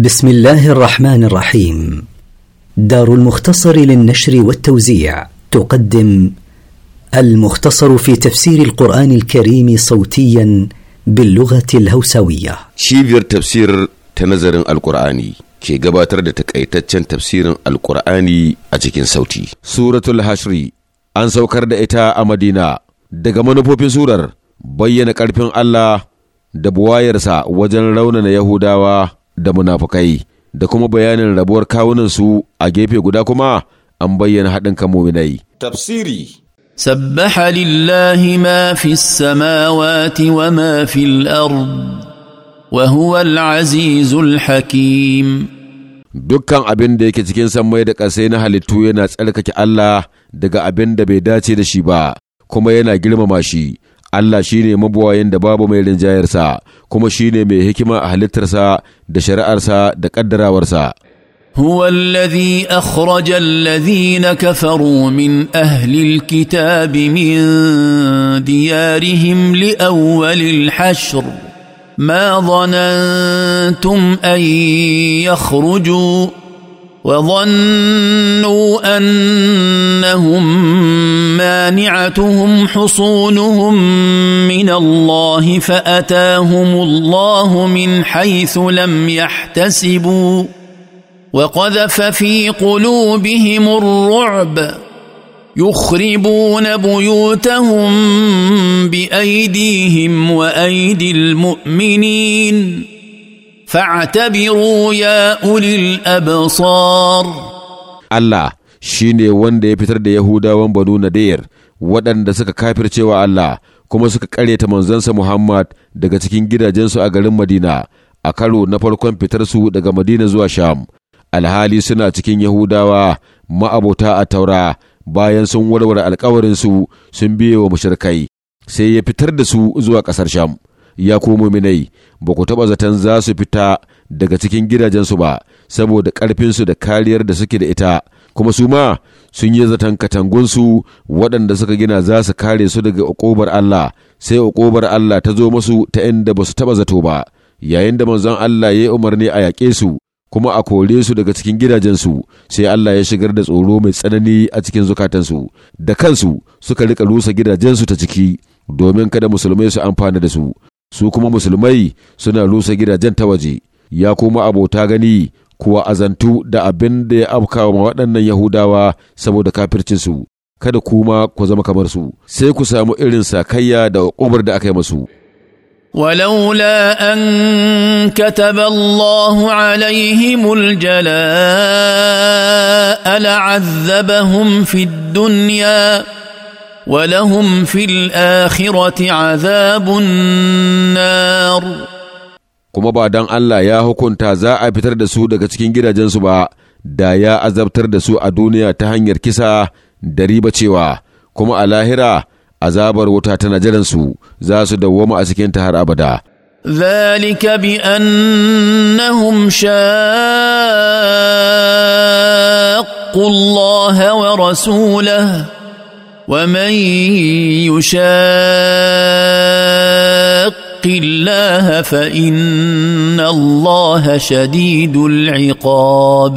بسم الله الرحمن الرحيم دار المختصر للنشر والتوزيع تقدم المختصر في تفسير القرآن الكريم صوتيا باللغة الهوسوية شيفير تفسير تنظر القرآن كي قباتر تفسير القرآن أجيكين صوتي سورة الحشري أن سوكر دائتا أمدينة دقمانو بوبين سورر بيّن الله دبوايرسا وجن رونن يهوداوا da munafukai da kuma bayanin rabuwar kawunansu a gefe guda kuma an bayyana haɗin kan muminai. Tafsiri سبح لله ما في السماوات وما في الأرض وهو dukkan abin da yake cikin samai da ƙasai na halittu yana tsarkake Allah daga abin da bai dace da shi ba kuma yana girmama shi Allah shine mabuwa da babu mai rinjayarsa kuma shi ne mai hikima a halittarsa da shari'arsa da ƙaddarawarsa. هو الذي اخرج الذين كفروا من اهل الكتاب من ديارهم لاول الحشر ما ظننتم ان يخرجوا وظنوا انهم مانعتهم حصونهم من الله فاتاهم الله من حيث لم يحتسبوا وقذف في قلوبهم الرعب يخربون بيوتهم بايديهم وايدي المؤمنين فاعتبروا يا اولي الابصار الله shi ne wanda ya fitar da Yahudawan Banu dayar waɗanda suka kafircewa Allah kuma suka ƙaryata manzansa Muhammad daga cikin gidajensu a garin Madina a karo na farkon fitarsu daga Madina zuwa Sham. Alhali suna cikin Yahudawa ma'abota a taura bayan sun warware alkawarinsu sun biye wa mashirkai sai ya fitar da su zuwa ƙasar Sham. Ya komo minai, ba ku taɓa zaton za su fita daga cikin gidajensu ba, saboda ƙarfinsu da kariyar da suke da ita. kuma su ma sun yi zaton katangunsu waɗanda suka gina za su kare su daga uƙobar Allah sai uƙobar Allah ta zo masu ta inda ba su taɓa zato ba yayin da manzon Allah ya yi umarni a yaƙe su kuma a kore su daga cikin gidajensu sai Allah ya shigar da tsoro mai tsanani a cikin zukatansu da kansu suka rika rusa gidajensu ta ciki domin kada musulmai su amfana da su su kuma musulmai suna rusa gidajen ta waje ya kuma abota gani kuwa azantu da abin da ya wa waɗannan Yahudawa saboda kafircinsu, kada kuma ku zama kamar su, sai ku samu irin sakayya da ƙubar da aka yi masu. ولولا an كتب الله عليهم الجلاء لعذبهم في الدنيا ولهم في الاخره عذاب النار kuma ba don Allah ya hukunta za a fitar da su daga cikin gidajensu ba, da ya azabtar da su a duniya ta hanyar kisa da riba cewa, kuma a lahira azabar wuta tana jiransu za su dawwama a cikin har abada. ذلك بأنهم شاقوا الله ورسوله ومن يشاق يتق الله فإن الله شديد العقاب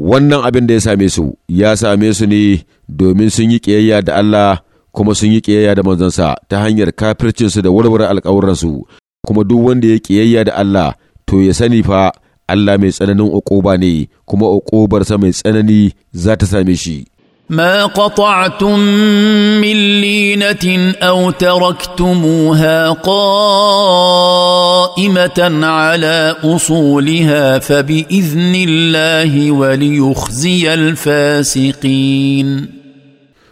wannan abin da ya same su ya same su ne domin sun yi ƙiyayya da Allah kuma sun yi ƙiyayya da manzansa ta hanyar kafircinsu da warware alƙawuransu kuma duk wanda ya ƙiyayya da Allah to ya sani fa Allah mai tsananin uƙuba ne kuma uƙubarsa mai tsanani za ta same shi ما قطعتم من لينه او ala قائمه على اصولها فباذن الله وليخزي الفاسقين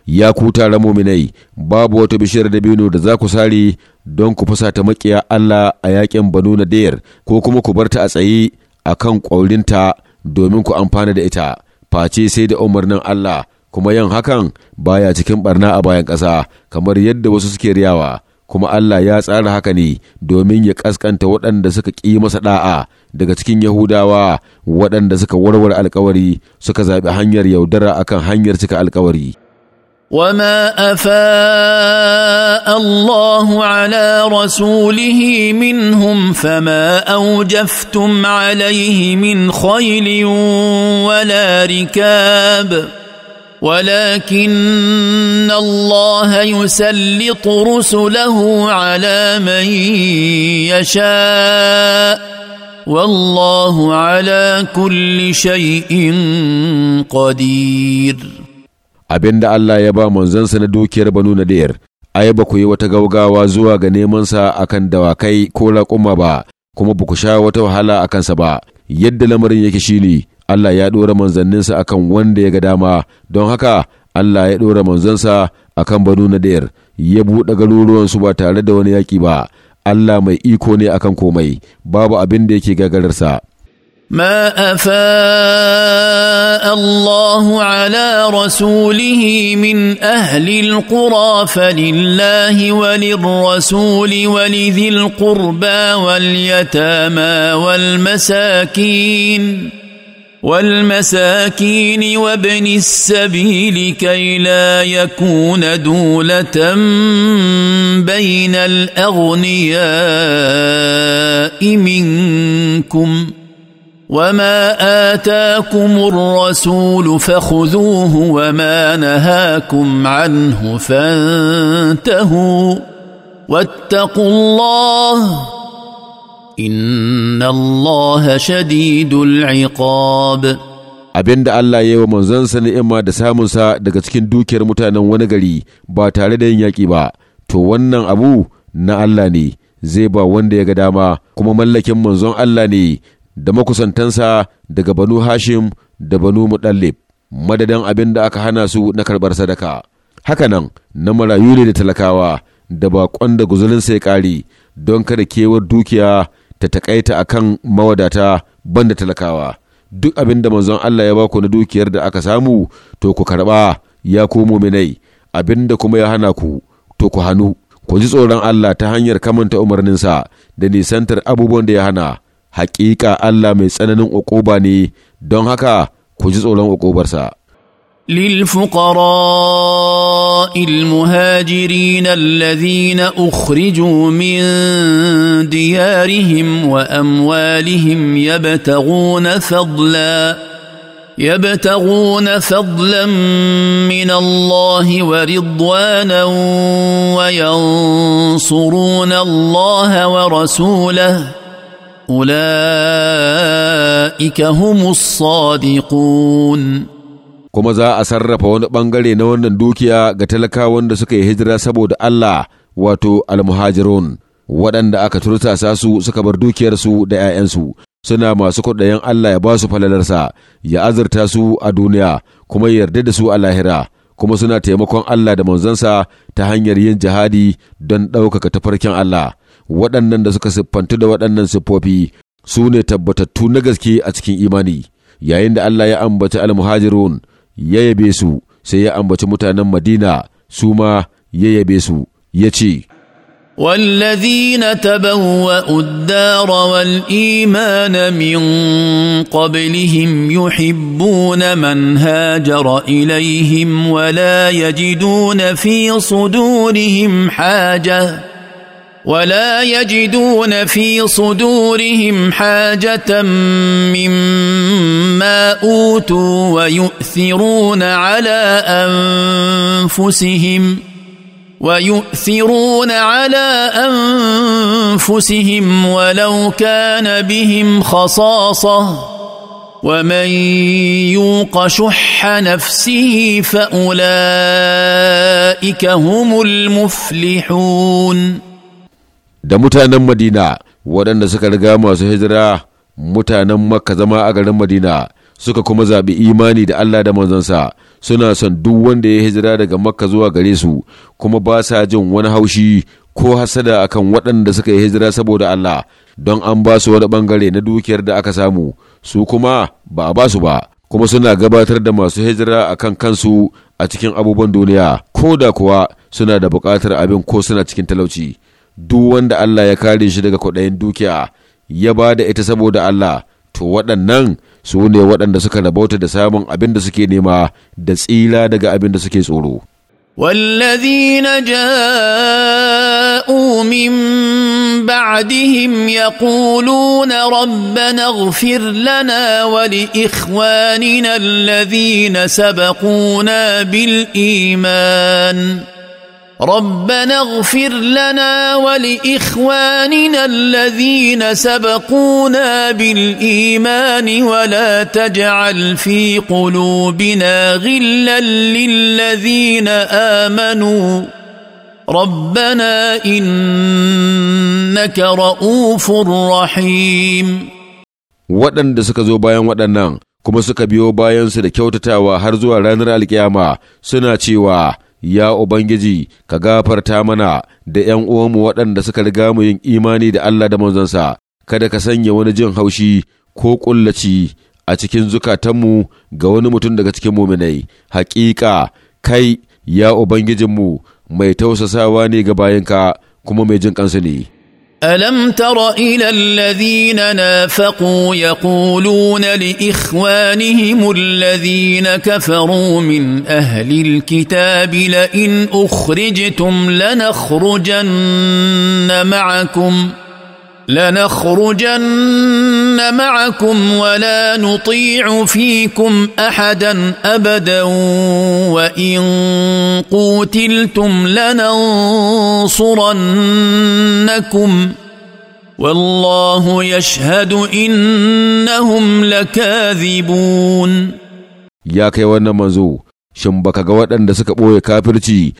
ya ku muminai babu wata bishiyar dabino da za ku sare don ku fusata makiya Allah a yakin banuna dayar ko kuma ku barta a tsaye a kan ƙwaurinta domin ku amfana da ita face sai da umarnin Allah kuma yin hakan baya cikin barna a bayan ƙasa kamar yadda wasu suke riyawa kuma Allah ya tsara haka ne domin ya ƙasƙanta waɗanda suka ƙi masa ɗa'a daga cikin Yahudawa waɗanda suka warware alkawari suka zaɓi hanyar yaudara akan hanyar cika alkawari. وما افاء الله على رسوله منهم فما اوجفتم عليه من خيل ولا ركاب ولكن الله يسلط رسله على من يشاء والله على كل شيء قدير abin Allah ya ba manzansa na dukiyar banu nadir ai ba ku yi wata gaugawa zuwa ga nemansa akan dawakai ko raƙuma ba kuma ba ku sha wata wahala a kansa ba yadda lamarin yake shine Allah ya ɗora manzanninsa akan wanda ya ga dama don haka Allah ya ɗora manzansa akan banu nadir ya buɗe garuruwansu ba tare da wani yaƙi ba Allah mai iko ne akan komai babu abin da yake gagararsa ما افاء الله على رسوله من اهل القرى فلله وللرسول ولذي القربى واليتامى والمساكين والمساكين وابن السبيل كي لا يكون دوله بين الاغنياء منكم وما اتاكم الرسول فخذوه وما نهاكم عنه فانتهوا واتقوا الله إن الله شديد العقاب abin da Allah ya yi wa manzansa ni'ima da samunsa daga cikin dukiyar mutanen wani gari ba tare da yin yaƙi ba, to wannan abu na Allah ne zai ba wanda ya ga dama kuma mallakin manzon Allah ne da makusantansa daga banu Hashim da banu Mudallib, madadin abin da aka hana su na karɓar sadaka. Hakanan na marayu ne da talakawa da baƙon da guzurinsa ya ƙare don kada kewar dukiya ta takaita kan mawadata ban da talakawa duk abin da manzon Allah ya baku na dukiyar da aka samu to ku karba ya ku muminai abin da kuma ya hana ku to ku hannu ku ji tsoron Allah ta hanyar kamanta umarninsa da nisantar abubuwan da ya hana haƙiƙa Allah mai tsananin uquba ne don haka ku ji tsoron uqubarsa للفقراء المهاجرين الذين اخرجوا من ديارهم واموالهم يبتغون فضلا يبتغون فضلا من الله ورضوانا وينصرون الله ورسوله اولئك هم الصادقون kuma za a sarrafa wani bangare na wannan dukiya ga talakawan da suka yi hijira saboda Allah wato almuhajirun waɗanda aka tursasa su suka bar dukiyarsu da 'ya'yansu suna masu kuɗayen Allah ya ba su falalarsa ya azurta su a duniya kuma yarda da su a lahira kuma suna taimakon Allah da manzansa ta hanyar yin jihadi don ɗaukaka tafarkin Allah waɗannan da suka siffantu da waɗannan siffofi su ne tabbatattu na gaske a cikin imani yayin da Allah ya ambaci al ya yabe su sai ya ambaci mutanen madina su ma ya yabe su ya ce والذين تبوأوا الدار والإيمان من قبلهم يحبون من هاجر إليهم ولا يجدون في صدورهم حاجة ولا يجدون في صدورهم حاجة مما أوتوا أوتوا ويؤثرون على أنفسهم ويؤثرون على أنفسهم ولو كان بهم خصاصة ومن يوق شح نفسه فأولئك هم المفلحون da mutanen Madina waɗanda suka riga masu hijira mutanen Makka zama a garin Madina suka kuma zaɓi imani da Allah da manzansa suna son duk wanda ya hijira daga makka zuwa gare su kuma ba sa jin wani haushi ko hasada akan waɗanda suka yi hijira saboda Allah don an ba su wani ɓangare na dukiyar da aka samu su kuma ba a ba su ba kuma suna gabatar da masu hijira akan kansu a cikin abubuwan duniya ko da kuwa suna da buƙatar abin ko suna cikin talauci duk wanda Allah ya kare shi daga kwaɗayin dukiya ya ba da ita saboda Allah to waɗannan su ne waɗanda suka rabauta da samun abin da suke nema da tsila daga abin da suke tsoro. والذين جاءوا من بعدهم يقولون ربنا اغفر لنا ولاخواننا الذين سبقونا بالايمان ربنا اغفر لنا ولاخواننا الذين سبقونا بالايمان ولا تجعل في قلوبنا غلا للذين امنوا ربنا انك رؤوف رحيم waɗanda suka zo bayan waɗannan kuma suka biyo bayansu da kyautatawa har zuwa ranar alkiyama suna cewa Ya Ubangiji, ka gafarta mana da ’yan uwanmu waɗanda suka riga mu yin imani da Allah da manzansa, kada ka sanya wani jin haushi ko ƙullaci a cikin zukatanmu ga wani mutum daga cikin muminai. Hakika, kai, ya Ubangijinmu, mai tausasawa ne ga bayanka kuma mai jin kansu ne. الم تر الى الذين نافقوا يقولون لاخوانهم الذين كفروا من اهل الكتاب لئن اخرجتم لنخرجن معكم لنخرجن معكم ولا نطيع فيكم احدا ابدا وان قوتلتم لننصرنكم والله يشهد انهم لكاذبون يا كي منزو manzo shin baka ga waɗanda suka ɓoye kafirci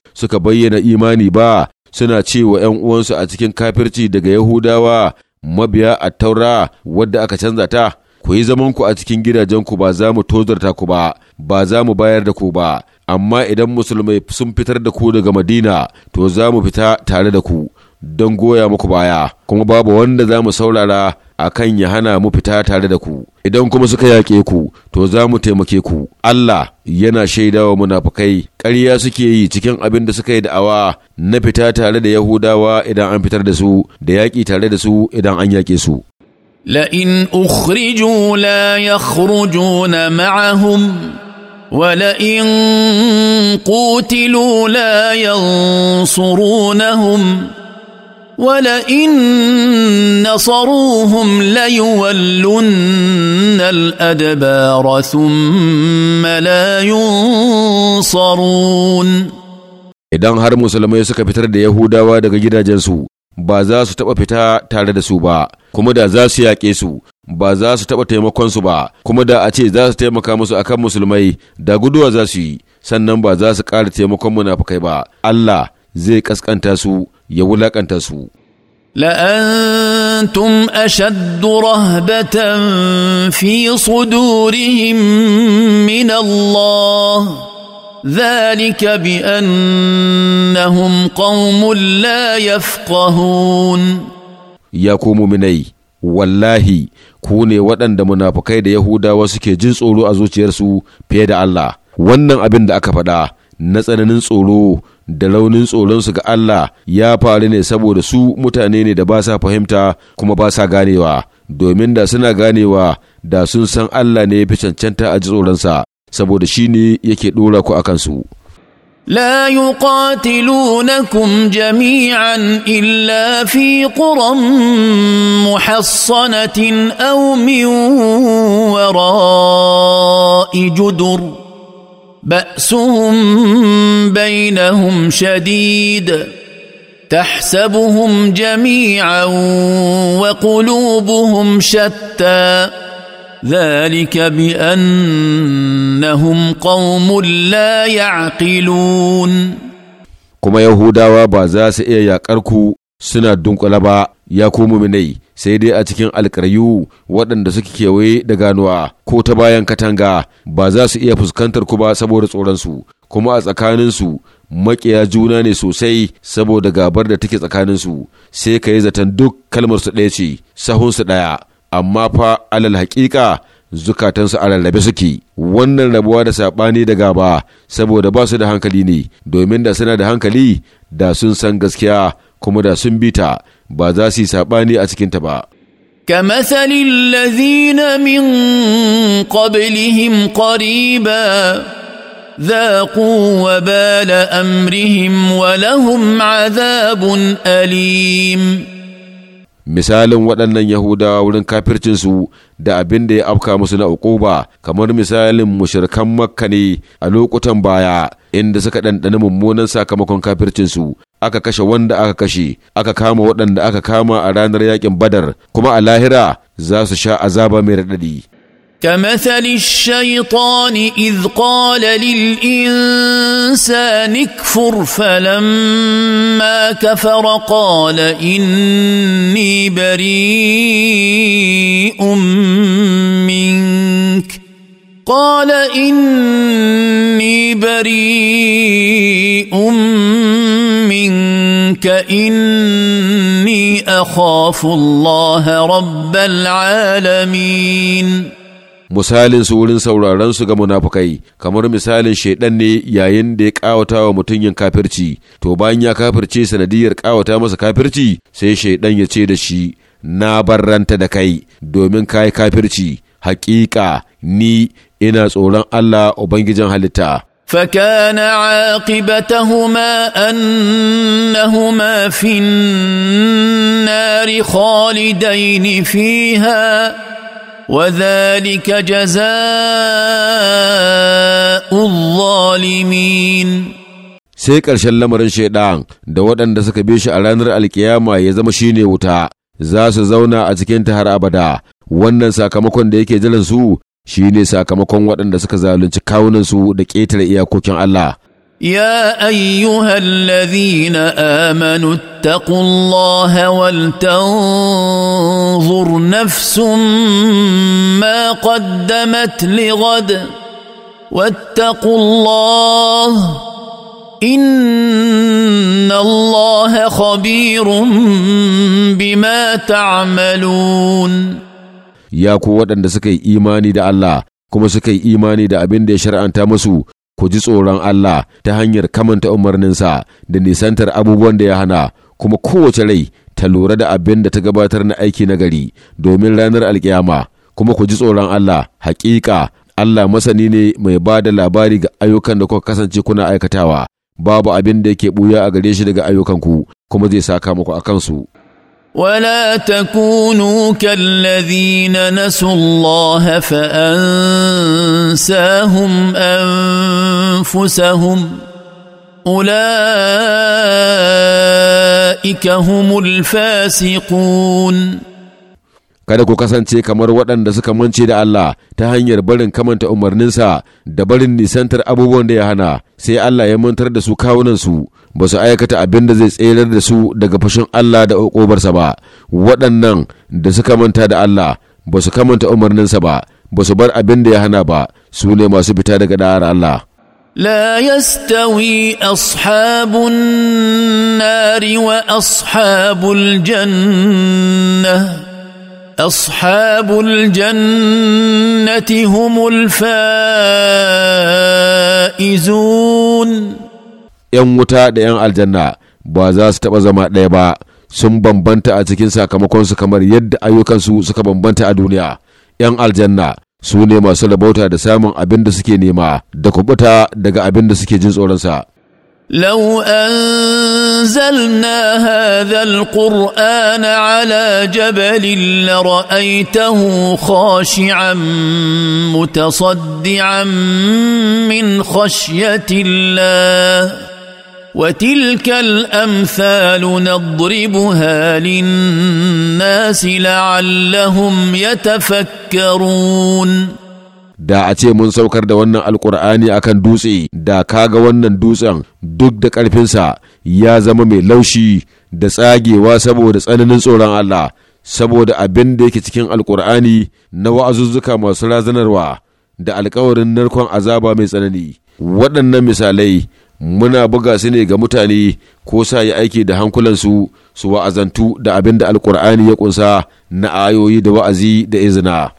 suna ce wa ‘yan uwansu a cikin kafirci daga Yahudawa mabiya a taura wadda aka canza ta, ku yi zamanku a cikin gidajenku ba za mu tozarta ku ba, ba za mu bayar da ku ba, amma idan musulmai sun fitar da ku daga Madina, to za mu fita tare da ku. don goya muku baya kuma babu wanda za mu saurara a kan ya hana mu fita tare da ku idan kuma suka yaƙe ku to za mu taimake ku Allah yana shaidawa munafukai ƙarya suke yi cikin abin da suka yi da'awa na fita tare da Yahudawa idan an fitar da su da yaƙi tare da su idan an yaƙe su لئن أخرجوا لا na ma'ahum ولئن قوتلوا لا ينصرونهم ولئن نصروهم ليولن الادبار ثم لا ينصرون idan har musulmai suka fitar da yahudawa daga gidajensu ba za su taɓa fita tare da su ba kuma da za su yaƙe su ba za su taɓa taimakonsu ba kuma da a ce za su taimaka musu akan musulmai da guduwa za su yi sannan ba za su ƙara taimakon munafukai ba allah zai ƙasƙanta su ya wulakanta su. La’antum a shaddu rahbatan fi sudurihim min Allah, zalika bi annahum qawmun la Ya komo minai, wallahi, ku ne waɗanda munafukai da Yahudawa suke jin tsoro a zuciyarsu fiye da Allah, wannan abin da aka faɗa na tsananin tsoro da raunin tsoronsu ga Allah ya faru ne saboda su mutane ne da ba sa fahimta kuma ba sa ganewa, domin da suna ganewa da sun san Allah ne ya fi cancanta a ji tsoronsa, saboda shi ne yake ɗora ku a kansu. لا يقاتلونكم جميعا jami'an في قرى محصنه او من وراء جدر باسهم بينهم شديد تحسبهم جميعا وقلوبهم شتى ذلك بانهم قوم لا يعقلون كما يهودا ba za su iya suna dunkula ba ya komo muminai sai dai a cikin alkaryu waɗanda suke kewaye da ganuwa ko ta bayan katanga ba za su iya fuskantar ku ba saboda tsoronsu kuma a tsakaninsu maƙiya juna ne sosai saboda gabar da take tsakaninsu sai ka yi zaton duk kalmarsu ɗaya ce sahunsu ɗaya amma fa alal haƙiƙa zukatansu a rarrabe suke wannan rabuwa da saɓani da gaba saboda ba su da hankali ne domin da suna da hankali da sun san gaskiya kuma da sun bi ta ba za su yi saɓani a cikinta ba. كمثل الذين من قبلهم قريبا ذاقوا وبال امرهم ولهم عذاب اليم misalin waɗannan Yahudawa wurin kafircinsu da abin da ya afka musu na uquba kamar misalin mushirkan Makka ne a lokutan baya inda suka ɗanɗani mummunan sakamakon kafircinsu aka kashe wanda aka kashe aka kama waɗanda aka kama a ranar yakin Badar kuma a lahira za su sha azaba mai raɗaɗi. كمثل الشيطان اذ قال للانسان اكفر فلما كفر قال اني بريء منك قال اني بريء منك اني اخاف الله رب العالمين misalin su wurin sauraron su ga munafukai kamar misalin shaidan ne yayin da ya kawata wa mutum yin kafirci to bayan ya kafirce sanadiyar kawata masa kafirci sai shaidan ya ce da shi na barranta da kai domin ka yi kafirci hakika ni ina tsoron Allah ubangijin halitta فكان عاقبتهما أنهما في النار خالدين فيها وذلك جزاء الظالمين sai ƙarshen lamarin shaiɗan da waɗanda suka bi shi a ranar alkiyama ya zama shine wuta za su zauna a ta har abada wannan sakamakon da yake jiran su shine sakamakon waɗanda suka zalunci kawunansu da ƙetare iyakokin Allah يا ايها الذين امنوا اتقوا الله ولتنظر نفس ما قدمت لغد واتقوا الله ان الله خبير بما تعملون يا قوه waɗanda suka yi imani da Allah kuma suka yi imani da abin da ya shar'anta musu ku ji tsoron Allah ta hanyar kamanta umarninsa da nisantar abubuwan da ya hana kuma kowace rai ta lura da abin da ta gabatar na aiki na gari domin ranar alkiyama kuma ku ji tsoron Allah hakika Allah masani ne mai ba da labari ga ayyukan da kuka kasance kuna aikatawa babu abin da yake buya a gare shi daga ayyukanku kuma zai saka muku a kansu ولا تكونوا كالذين نسوا الله فانساهم انفسهم اولئك هم الفاسقون kada ku kasance kamar waɗanda suka mance da Allah ta hanyar barin kamanta umarninsa da barin nisantar abubuwan da ya hana sai Allah ya mantar da su kawunansu ba su aikata abin da zai tserar da su daga fashin Allah da ƙobarsa ba waɗannan da suka manta da Allah ba su kamanta umarninsa ba ba su bar abin da ya hana ba su ne masu fita daga da'ar Allah لا يستوي أصحاب النار وأصحاب الجنة أصحاب الجنة هم الفائزون 'yan wuta da 'yan aljanna ba za su taɓa zama ɗaya ba sun bambanta a cikin sakamakonsu kamar yadda ayyukansu suka bambanta a duniya 'yan aljanna su ne masu labauta da samun abin da suke nema da kubuta daga abin da suke jin tsoronsa لو انزلنا هذا القران على جبل لرايته خاشعا متصدعا من خشيه الله وتلك الامثال نضربها للناس لعلهم يتفكرون da a ce mun saukar da wannan alkur'ani akan dutse da kaga wannan dutsen duk da ƙarfinsa ya zama mai laushi da tsagewa saboda tsananin tsoron Allah saboda abin da yake cikin alkur'ani na wa'azuzzuka masu razanarwa da alkawarin narkon azaba mai tsanani waɗannan misalai muna buga su ne ga mutane ko sa yi aiki da hankulansu su wa'azantu da abin da alkur'ani ya kunsa na ayoyi da wa'azi da izina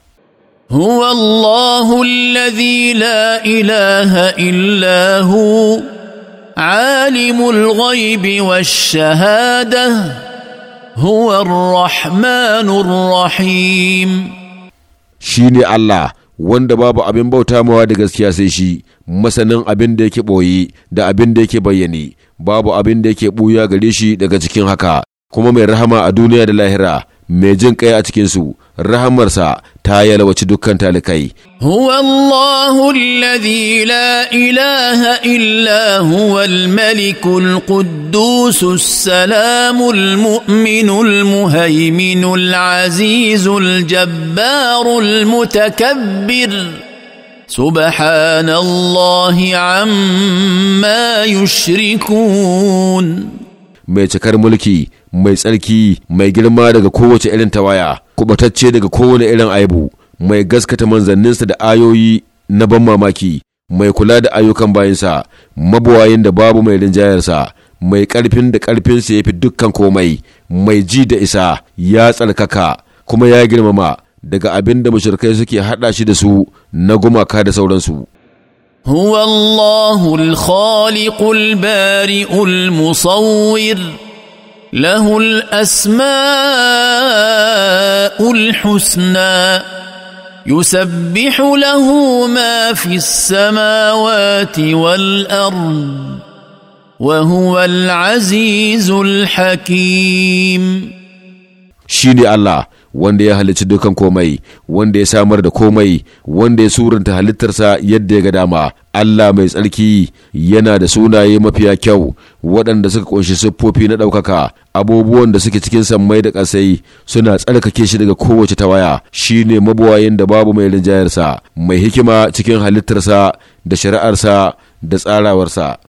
هو الله الذي لا إله إلا هو عالم الغيب والشهادة هو الرحمن الرحيم شيني الله wanda babu abin bauta mawa da gaskiya sai shi masanin abin da yake ɓoye da abin da yake bayyane babu abin da yake ɓuya gare shi daga cikin haka kuma mai rahama a duniya da lahira mai jin kai a cikinsu rahamarsa ta yalwaci dukkan talikai. Huwa Allahu alladhi la ilaha illa huwa al-malikul quddusus salamul mu'minul muhaiminul azizul jabbarul mutakabbir subhanallahi amma yushrikun. Mai cikar mulki mai tsarki mai girma daga kowace irin tawaya kubatacce daga kowane irin aibu mai gaskata manzanninsa da ayoyi na ban mamaki mai kula da ayyukan bayansa mabuwayin da babu mai rinjayarsa mai karfin da ƙarfinsa ya fi dukkan komai mai ji da isa ya tsarkaka kuma ya girmama daga abin da mushrikai suke haɗa shi da su na gumaka da sauransu. Huwa Allahul Bari'ul Musawwir له الاسماء الحسنى يسبح له ما في السماوات والارض وهو العزيز الحكيم شيني الله wanda ya halicci dukan komai wanda ya samar da komai wanda ya surunta halittarsa yadda ya ga dama Allah mai tsarki yana da sunaye mafiya kyau waɗanda suka ƙunshi siffofi na ɗaukaka abubuwan da suke cikin sammai da ƙasai suna tsarkake shi daga kowace tawaya shine mabuwayin da babu mai rinjayarsa mai hikima cikin halittarsa da shari'arsa da tsarawarsa